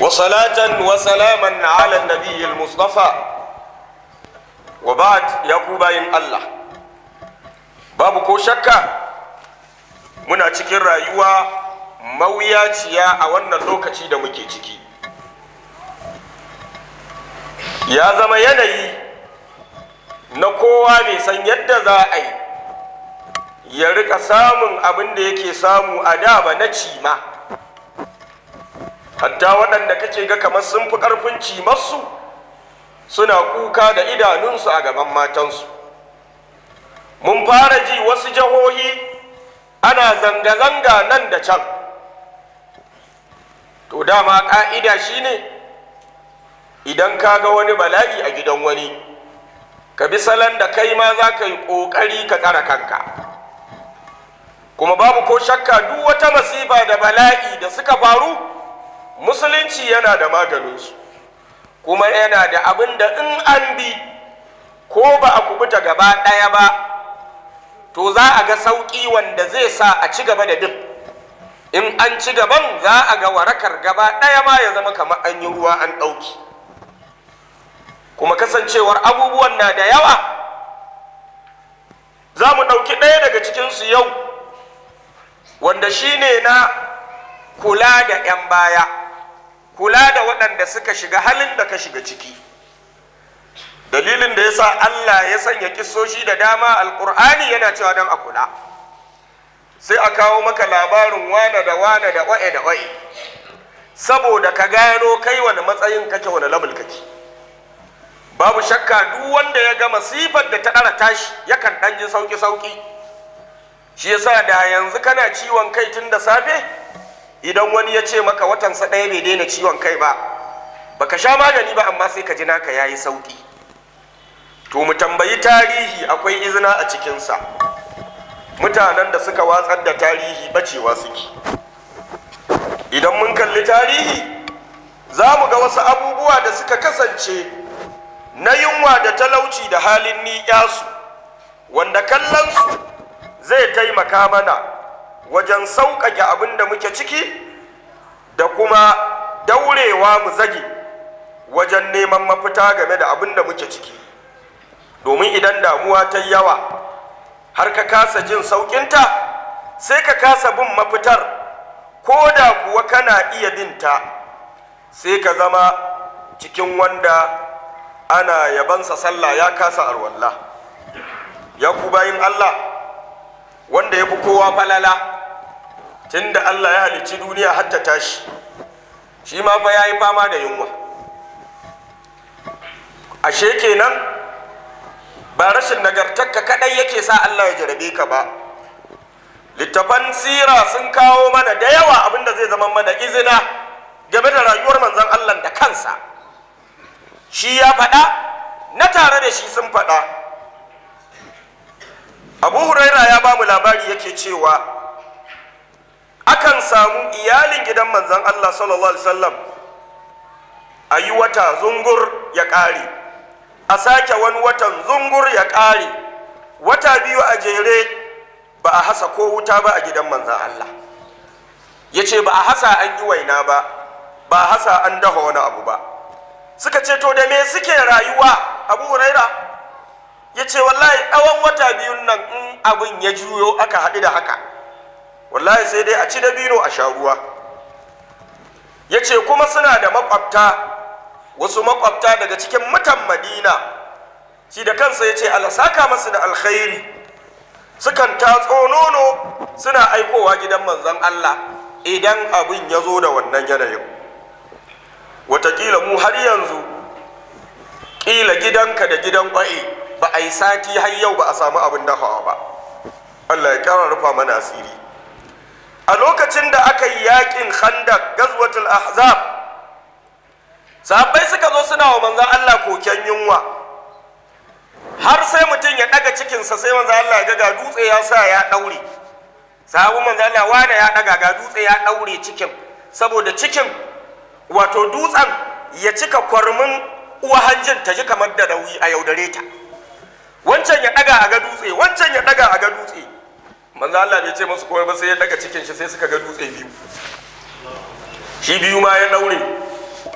وصلاة وسلاما على النبي المصطفى وبعد يقوبا إن Allah. babu ko shakka muna cikin rayuwa mawuyaciya a wannan lokaci da muke ciki ya zama yanayi na kowa mai san yadda za a yi ya rika samun abin da yake samu a da ba na cima hatta waɗanda kake ga kamar sun fi ƙarfin cimarsu suna kuka da idanunsu a gaban matansu mun fara ji wasu jihohi ana zanga-zanga nan da can to dama ƙa'ida shi ne idan ka ga wani bala'i a gidan wani ka bi salon da kai ma za ka yi ƙoƙari ka tsara kanka kuma babu ko shakka duk wata masifa da bala'i da suka faru musulunci yana da maganinsu kuma yana da abin da in an bi ko ba a kubuta gaba ɗaya ba to za a ga sauƙi wanda zai sa a ci gaba da duk in an ci gaban za a ga warakar gaba ɗaya ma ya zama kamar an yi ruwa an ɗauki kuma kasancewar abubuwan na da yawa za mu ɗauki ɗaya daga cikinsu yau wanda shine na kula da 'yan baya kula da waɗanda suka shiga halin da ka shiga ciki dalilin da yasa Allah ya sanya kisoshi da dama alkur'ani yana cewa dan a kula sai a kawo maka labarin wane da wane da wa'e da wa'e saboda ka gano kai wani matsayin kake wani labul kake babu shakka duk wanda ya ga masifar da ta ɗara tashi yakan ɗan ji sauki-sauki shi yasa da yanzu kana ciwon kai tun da safe idan wani ya ce maka watansa ɗaya bai daina ciwon kai ba baka sha magani ba amma sai ka ji naka ya yi sauƙi to mu tambayi tarihi akwai izina a cikinsa mutanen da suka watsar da tarihi bacewa suke idan mun kalli tarihi za mu ga wasu abubuwa da suka kasance na yunwa da talauci da halin ni'yasu wanda kallonsu zai taimaka mana wajen sauƙaƙe abin da muke ciki da kuma daurewa mu zage wajen neman mafita game da abin da muke ciki domin idan damuwa ta yawa har ka kasa jin sauƙinta sai ka kasa bin mafitar ko da kuwa kana iya binta sai ka zama cikin wanda ana yabansa sallah ya kasa alwallah ya ku bayin allah wanda ya fi kowa falala Tun da Allah ya halicci duniya har ta tashi shi ma fa yayi fama da yunwa ashe kenan ba rashin nagartakka kadai yake sa Allah ya jarabe ka ba littafan sira sun kawo mana da yawa abinda zai zama mana izina game da rayuwar manzon Allah da kansa shi ya faɗa na tare da shi sun faɗa abu huraira ya ba mu labari yake cewa akan samu iyalin gidan manzan Allah sallallahu alaihi wasallam a yi wata zungur ya ƙare a sake wani watan zungur ya ƙare wata biyu a jere ba a hasa ko wuta ba a gidan manzan Allah ya ce ba a hasa an yi waina ba ba a hasa an dafa wani abu ba suka ce to da me suke rayuwa abu huraira ya ce wallahi tsawon wata biyun nan in abin ya juyo aka haɗu da haka wallahi sai dai a ci dabino a sha ruwa ya ce kuma suna da makwabta wasu makwabta daga cikin mutan madina shi da kansa ya ce alasaka masu da alkhairi sukan tatso nono suna aikowa gidan manzon Allah idan abin ya zo da wannan yanayin watakila mu har yanzu ƙila gidanka da gidan ƙwa'i ba a yi sati har yau ba a samu abin dafawa ba Allah ya ƙara rufa mana asiri a lokacin da aka yi yakin khandak gazwatul ahzab sahabbai suka zo suna wa manzon Allah koken yunwa har sai mutum ya daga cikinsa sai manzon Allah ya ga dutse ya sa ya daure sahabu manzon Allah wani ya daga ga dutse ya daure cikin saboda cikin wato dutsen ya cika kwarmin uwa hanjin ta ji kamar da nauyi a yaudare ta wancan ya daga a ga dutse wancan ya daga a ga dutse manzo Allah bai ce musu komai ba sai ya daga cikin shi sai suka ga dutse biyu shi biyu ma ya daure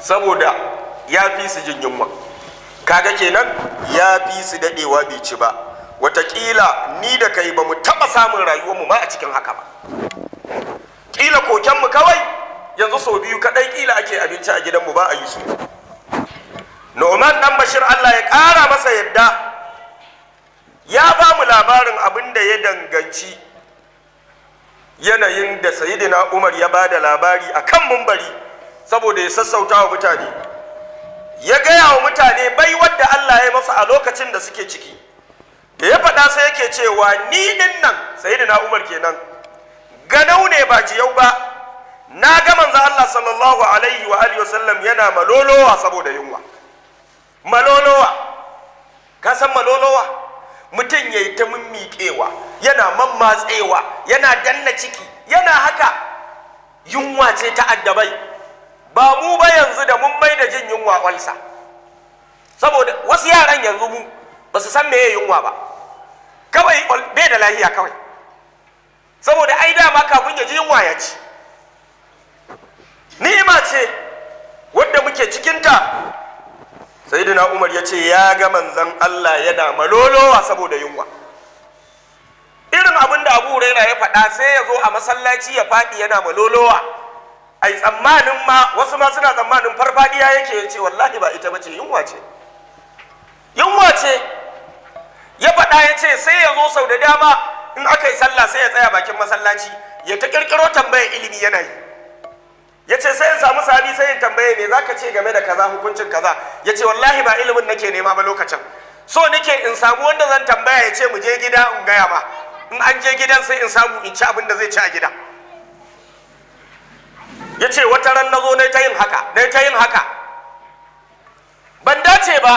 saboda ya fi su jin yunwa kaga kenan ya fi su dadewa bai ci ba watakila ni da kai ba mu taba samun rayuwarmu ma a cikin haka ba kila kokenmu kawai yanzu sau biyu kadai kila ake abinci a gidanmu ba a yi su Noman dan Bashir Allah ya ƙara masa yadda ya ba mu labarin abin da ya danganci yanayin da sayidina umar ya ba da labari a kan mumbari saboda ya sassauta wa mutane ya gaya wa mutane bai wadda allah ya masa a lokacin da suke ciki da ya faɗa sai yake cewa ni din nan sayidina umar kenan ganau ne ba jiyau ba na ga manzo allah sallallahu alaihi wa alihi wasallam yana malolowa saboda yunwa malolowa ka san malolowa mutum ya yi ta mimmiƙewa yana mammatsewa yana danna ciki yana haka yunwa ce ta addabai ba mu ba yanzu da mun mai da jin yunwa walsa saboda wasu yaran yanzu mu ba su san me ya yunwa ba kawai bai da lahiya kawai saboda ai dama kafin ya ji yunwa ya ci ni'ima ce wadda muke cikinta sayyidina umar ya ce ya ga manzan allah yana malolowa saboda yunwa irin abin da abu raina ya faɗa sai ya zo a masallaci ya faɗi yana malolowa ai tsammanin ma wasu ma suna tsammanin farfadiya yake ya ce wallahi ba ita bace yunwa ce yunwa ce ya faɗa ya ce sai ya zo sau da dama in aka yi sallah sai ya tsaya bakin masallaci ya ta ƙirƙiro tambayar ilimi yana yi ya ce sai in samu Sani sai in tambaye me za ka ce game da kaza hukuncin kaza ya ce wallahi ba ilimin nake nema ba lokacin so nake in samu wanda zan tambaya ya ce mu je gida in gaya ma in an je gidan sai in samu in ci abin da zai ci a gida ya ce wata ran na zo ta yin haka na ta yin haka ban dace ba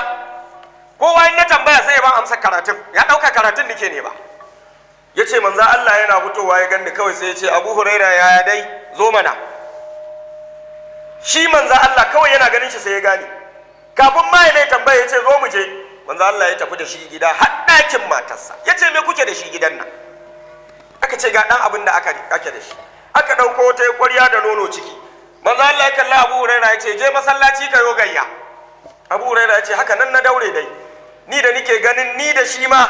kowa in na tambaya sai ya ba amsa karatun ya ɗauka karatun nake ne ba ya ce manza Allah yana fitowa ya ganni kawai sai ya ce abu huraira ya dai zo mana shi manzan Allah kawai yana ganin shi sai ya gane kafin ma ya mai tambaya ya ce zo mu je manzan Allah ya tafi da shi gida har ɗakin matarsa ya ce me kuke da shi gidan nan aka ce ga ɗan abin da ake da shi aka ɗauko wata ƙwarya da nono ciki manzan Allah ya kalla Abu Huraira ya ce je masallaci ka yo gayya Abu Huraira ya ce haka nan na daure dai ni da nike ganin ni da shi ma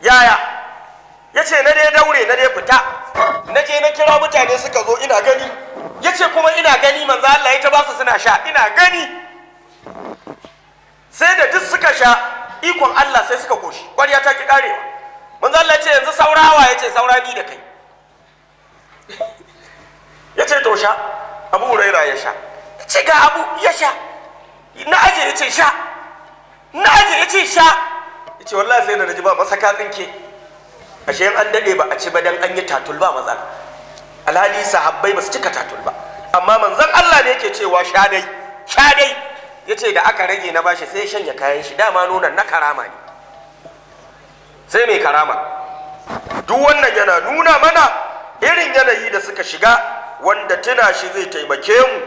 yaya ya ce na dai daure na dai fita na je na kira mutane suka zo ina gani ya ce kuma ina gani manzo Allah ya ta ba su suna sha ina gani sai da duk suka sha ikon Allah sai suka koshi ƙwarya ta ki karewa manzo Allah ya ce yanzu saurawa ya ce saura ni da kai ya ce to sha abu huraira ya sha ya ce ga abu ya sha na aje ya ce sha na aje ya ce sha ya ce wallahi sai da na ji ba masaka tsinke ashe an dade ba a ci ba dan an yi tatul ba matsala alhali sahabbai ba su cika tatul ba amma manzon Allah ne yake cewa sha dai sha dai yace da aka rage na bashi sai shanya kayan shi dama nonon na karama ne sai mai karama duk wannan yana nuna mana irin yanayi da suka shiga wanda tuna shi zai taimake mu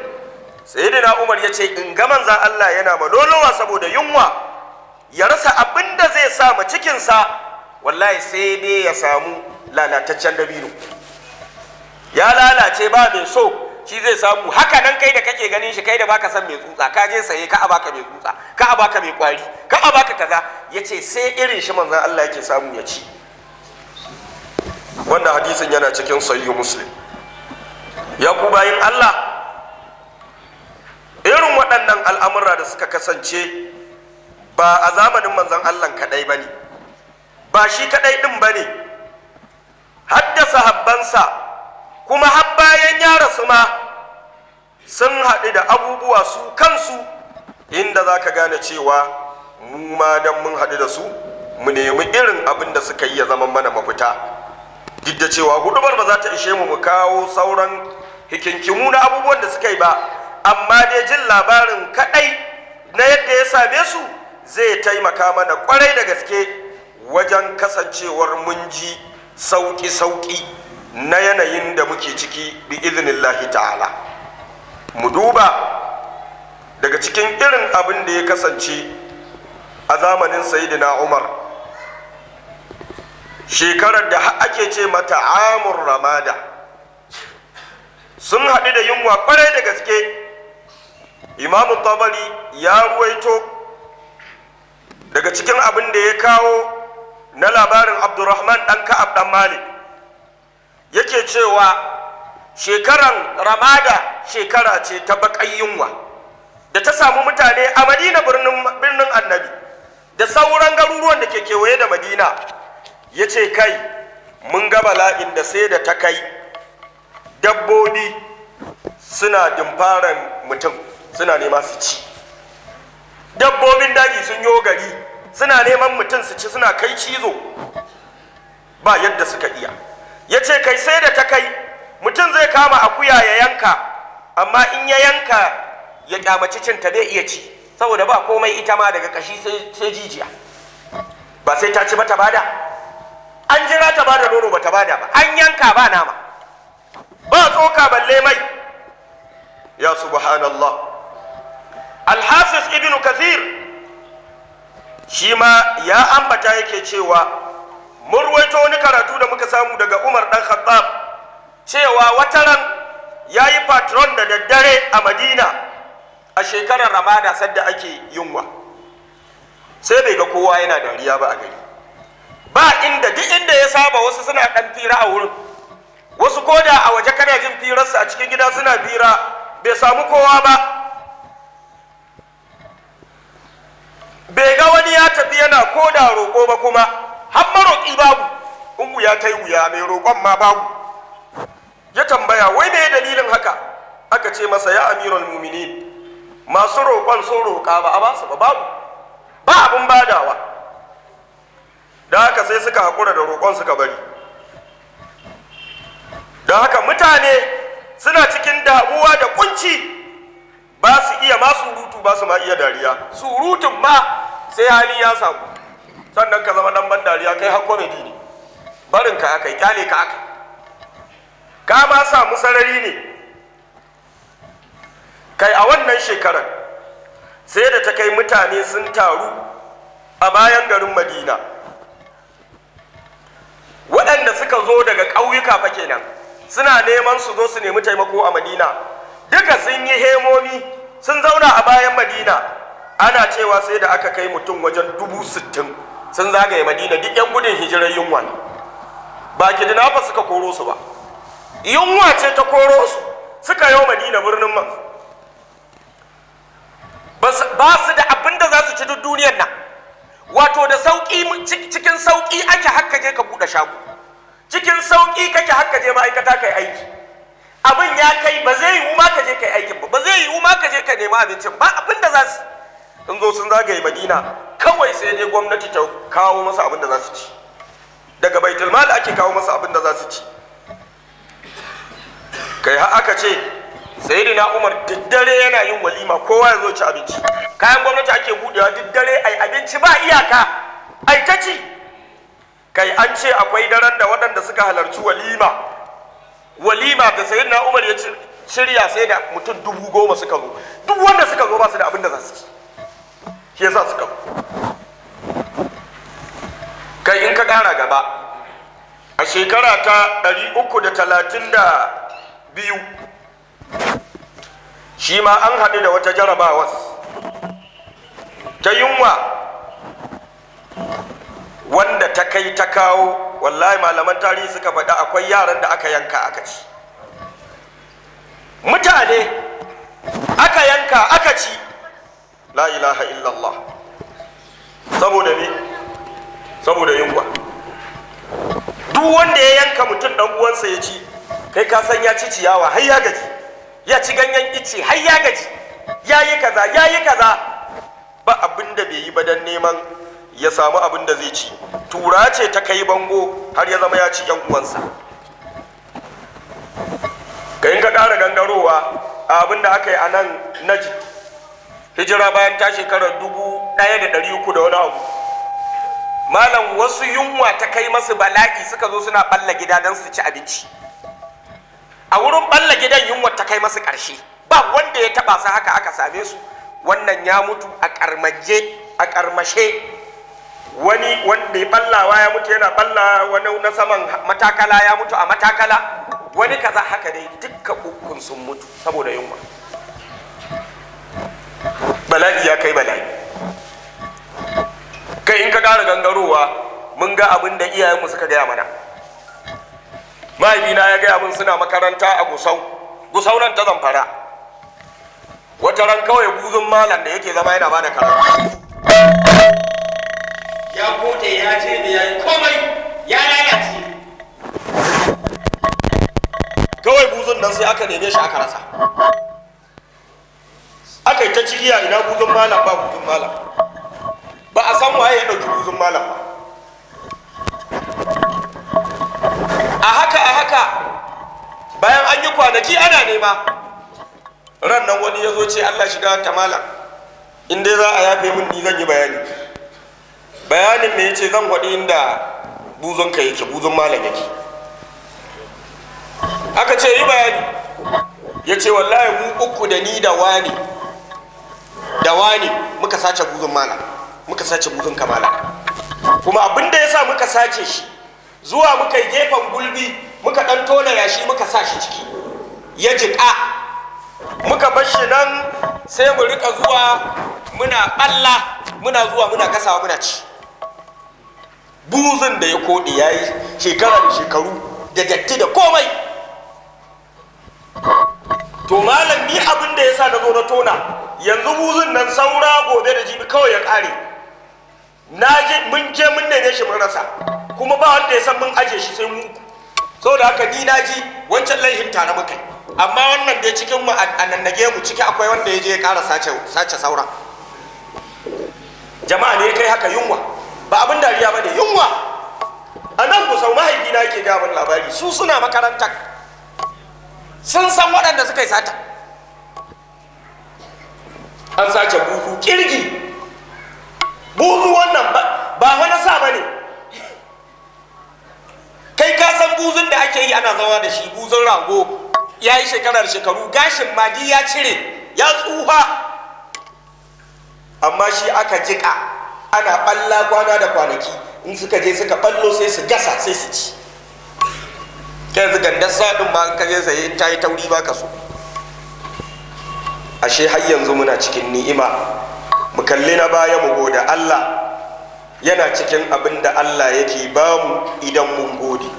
sayyidina Umar yace in ga manzan Allah yana malolowa saboda yunwa ya rasa abinda zai sa ma cikinsa wallahi sai dai ya samu lalataccen dabino ya lalace ba mai so shi zai samu haka nan kai da kake ganin shi kai da baka san mai tsutsa ka je saye ka a baka mai tsutsa ka a baka mai kwari ka a baka kaza ce sai irin shi manzan Allah yake samu ya ci Wanda hadisin yana cikin sayyu muslim ya ku bayin Allah irin waɗannan al'amura da suka kasance ba a zamanin manzon Allah kaɗai ba ne? ba shi kadai din bane haddasa habbansa kuma har bayan ya rasu ma sun haɗu da abubuwa su kansu inda za ka gane cewa mu ma dan mun haɗu da su mu nemi irin abin da suka yi ya zama mana mafita duk da cewa hudubar ba za ta ishe mu mu kawo sauran hikinkimu na abubuwan da suka yi ba amma dai jin labarin kaɗai na yadda ya same su zai taimaka mana kwarai da gaske wajen kasancewar mun ji sauƙi-sauƙi na yanayin da muke ciki bi iznillahi ta'ala mu duba daga cikin irin abin da ya kasance a zamanin sayidina umar shekarar da ake ce mata amur ramada sun haɗu da yunwa ƙwarai da gaske imamu tabari ya ruwaito daga cikin abin da ya kawo na labarin abdurrahman ɗan ka'ab ɗan malik yake cewa shekaran ramada shekara ce ta baƙayyunwa yunwa da ta samu mutane a madina birnin annabi da sauran garuruwan da ke kewaye da madina ya ce kai mun gaba bala'in da sai da ta kai dabbobi suna dimfaren mutum suna nema su ci dabbobin daji sun yo gari suna neman mutum su ci suna kai cizo ba yadda suka iya ya ce kai sai da ta kai mutum zai kama akuya ya yanka amma in ya yanka ya kyamaci cinta zai iya ci saboda ba komai ita ma daga kashi sai jijiya ba sai ta ci ba ta bada an jira ta bada nono ba ta bada ba an yanka ba nama ba tsoka balle mai ya subhanallah alhasis ibnu kathir shi ma ya ambata yake cewa mun ruwaito wani karatu da muka samu daga umar dan khattab cewa wata ran ya yi patron da daddare a madina a shekarar ramada sadda ake yunwa sai bai ga kowa yana dariya ba a gari ba inda duk inda ya saba wasu suna ɗan fira a wurin wasu koda a waje kana jin firarsa a cikin gida suna fira bai samu kowa ba bai ga wani ya tafi yana ko da roƙo ba kuma har maroƙi babu in wuya ta yi wuya mai roƙon ma babu ya tambaya wai me dalilin haka aka ce masa ya amiral mumini masu roƙon sun roƙa ba a basu ba babu ba abin badawa da haka sai suka haƙura da roƙon suka bari da haka mutane suna cikin damuwa da kunci ba su iya ma surutu ba su ma iya dariya surutun ba. sai hali ya samu sannan ka zama dan ban dariya kai har komedi ne barin ka aka kyale ka aka ka ma samu sarari ne kai a wannan shekarar sai da ta kai mutane sun taru a bayan garin madina waɗanda suka zo daga ƙauyuka fa kenan suna neman su zo su nemi taimako a madina duka sun yi hemomi sun zauna a bayan madina ana cewa sai da aka kai mutum wajen dubu sittin sun zagaye madina duk yan gudun hijirar yunwa ba ki ba suka koro su ba yunwa ce ta koro su suka yau madina birnin man ba su da abin da za su ci duk duniyar nan wato da sauƙi cikin sauƙi ake hakka je ka buɗe shago cikin sauƙi kake hakka je ma'aikata kai aiki abin ya kai ba zai yiwu ma ka je kai aikin ba ba zai yiwu ma ka je ka nema abincin ba abin da za su sun zo sun zagaye madina kawai sai dai gwamnati ta kawo masa abin da za su ci daga baitul mal ake kawo masa abin da za su ci kai har aka ce sayyidina umar diddare yana yin walima kowa ya zo ci abinci kayan gwamnati ake budewa diddare ai abinci ba iyaka ai ta ci kai an ce akwai daren da waɗanda suka halarci walima walima da sayyidina umar ya shirya sai da mutum dubu goma suka zo duk wanda suka zo ba su da abin da za su ci shi yasa suka kai in ka ƙara gaba a shekara ta 332 shi ma an haɗu da wata jarabawas ta yunwa wanda ta kai ta kawo wallahi malaman tarihi suka faɗa akwai yaran da aka yanka aka ci mutane aka yanka aka ci la ilaha illallah saboda me saboda yunwa duk wanda ya yanka mutum dan uwansa ya ci kai ka san ya ci ciyawa har ya gaji ya ci ganyen ice har ya gaji ya yi kaza ya yi kaza ba abin da bai yi ba dan neman ya samu abin da zai ci tura ce ta kai bango har ya zama ya ci yan uwansa ka in ka ƙara gangarowa abin da aka yi a nan naji hijira bayan ta shekarar dubu ɗaya da ɗari uku da wani abu malam wasu yunwa ta kai masu bala'i suka zo suna balla gida don su ci abinci a wurin balla gidan yunwa ta kai masu ƙarshe ba wanda ya taɓa su haka aka same su wannan ya mutu a ƙarmaje a ƙarmashe wani wanda ya ballawa ya mutu yana balla wani na saman matakala ya mutu a matakala wani kaza haka dai dukka ukun sun mutu saboda yunwa bala'i ya kai bala'i kai in ka ƙara gangarowa mun ga abin da iyayenmu suka gaya mana mahaifina ya gaya mun suna makaranta a gusau gusau nan ta zamfara wata ran kawai buzun malam da yake zama yana bada karatu ya bude ya ce da ya komai ya lalace kawai buzun nan sai aka neme shi aka rasa cigiya ina guzun malam ba guzun malam ba a san waye ya ɗauki guzun malam a haka a haka bayan an yi kwanaki ana nema ran nan wani ya zo ce allah shiga ta malam in dai za a yafe min ni zan yi bayani bayanin me yace zan faɗi inda buzon ka yake buzon malam yake aka ce yi bayani ya ce wallahi mu uku da ni da wani da wani muka sace buzun mala muka sace buzun kamala kuma abinda da yasa muka sace shi zuwa muka gefen gulbi muka dan tona yashi muka sa shi ciki ya jiƙa muka bar shi nan sai mu rika zuwa muna balla muna zuwa muna kasawa muna ci buzun da ya koɗe ya yi shekara da shekaru da datti da komai to malam ni abinda da ya sa na zo na tona yanzu buzun nan saura gobe da jibi kawai ya kare na je mun je mun ne ne shi mun rasa kuma ba wanda ya san mun aje shi sai mu saboda haka ni na ji wancan laihin tare muka amma wannan da cikin mu a mu ciki akwai wanda ya je ya kara sace sace saura jama'a ne kai haka yunwa ba abin dariya ba ne yunwa a nan ku sau mahaifina yake gabin labari su suna makarantar sun san waɗanda suka yi sata an sace buzu kirgi buzu wannan ba wani sa ba ne kai ka san buzun da ake yi ana zama da shi buzun rago ya yi shekarar shekaru gashin magi ya cire ya tsuha amma shi aka jika ana balla kwana da kwanaki in suka je suka ballo sai su gasa sai su ci yanzu gandar sadin ba ka je saye ta yi tauri ba ka so ashe har yanzu muna cikin ni'ima mu kalli na baya mu gode Allah yana cikin abin da Allah yake bamu idan mun gode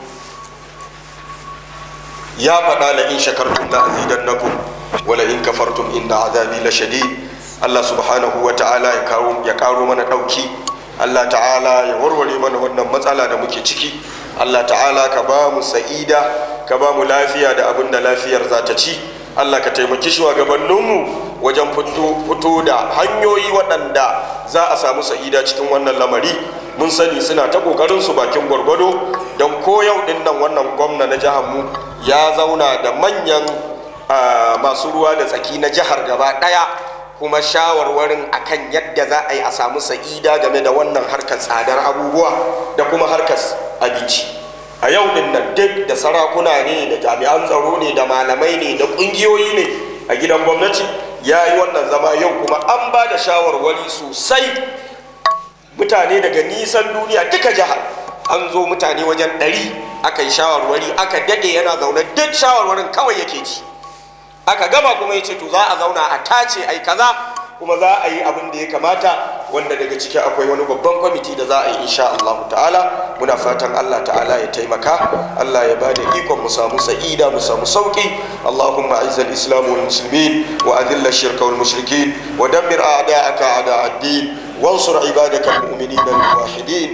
ya faɗa la in shakartum la azidannakum wa la in kafartum inna azabi la shadid Allah subhanahu wa ta'ala ya kawo ya karo mana dauki Allah ta'ala ya warware mana wannan matsala da muke ciki Allah ta'ala ka bamu sa'ida ka bamu lafiya da abin da lafiyar za ta ci Allah ka taimaki shugabanninmu wajen fito da hanyoyi waɗanda za a samu sa'ida cikin wannan lamari mun sani suna ta ƙoƙarinsu su bakin gwargwado don koyau ɗin nan wannan gwamna na jihar ya zauna da manyan masu ruwa da tsaki na jihar gaba ɗaya kuma shawarwarin akan yadda za a yi a samu sa'ida game da wannan harkar tsadar abubuwa da kuma harkar abinci a yau din nan duk da sarakuna ne da jami'an tsaro ne da malamai ne da kungiyoyi ne a gidan gwamnati ya yi wannan zama yau kuma an ba da shawarwari sosai mutane daga nisan duniya duka jihar an zo mutane wajen ɗari aka yi shawarwari aka daɗe yana zaune duk shawarwarin kawai yake ci aka gama kuma ya ce to za a zauna a tace ai kaza kuma za a yi abin da ya kamata wanda daga ciki akwai wani babban kwamiti da za a yi insha Allah ta'ala muna fatan Allah ta'ala ya taimaka Allah ya bada ikon mu samu sa'ida mu samu sauki Allahumma a'izz al-islam wal muslimin wa adhill ash-shirka wal mushrikin wa dammir a'da'aka a'da' ad-din وانصر عبادك المؤمنين الواحدين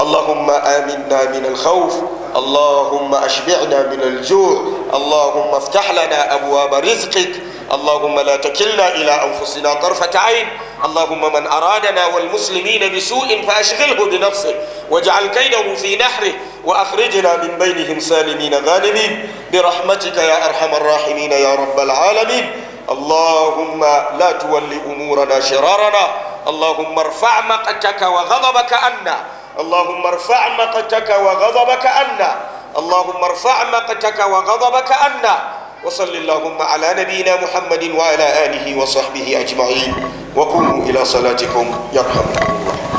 اللهم آمنا من الخوف اللهم أشبعنا من الجوع اللهم افتح لنا أبواب رزقك اللهم لا تكلنا إلى أنفسنا طرفة عين اللهم من أرادنا والمسلمين بسوء فأشغله بنفسه واجعل كيده في نحره وأخرجنا من بينهم سالمين غانمين برحمتك يا أرحم الراحمين يا رب العالمين اللهم لا تولي أمورنا شرارنا اللهم ارفع مقتك وغضبك عنا اللهم ارفع مقتك وغضبك عنا اللهم ارفع مقتك وغضبك عنا وصل اللهم على نبينا محمد وعلى آله وصحبه أجمعين وقوموا إلى صلاتكم يرحمكم الله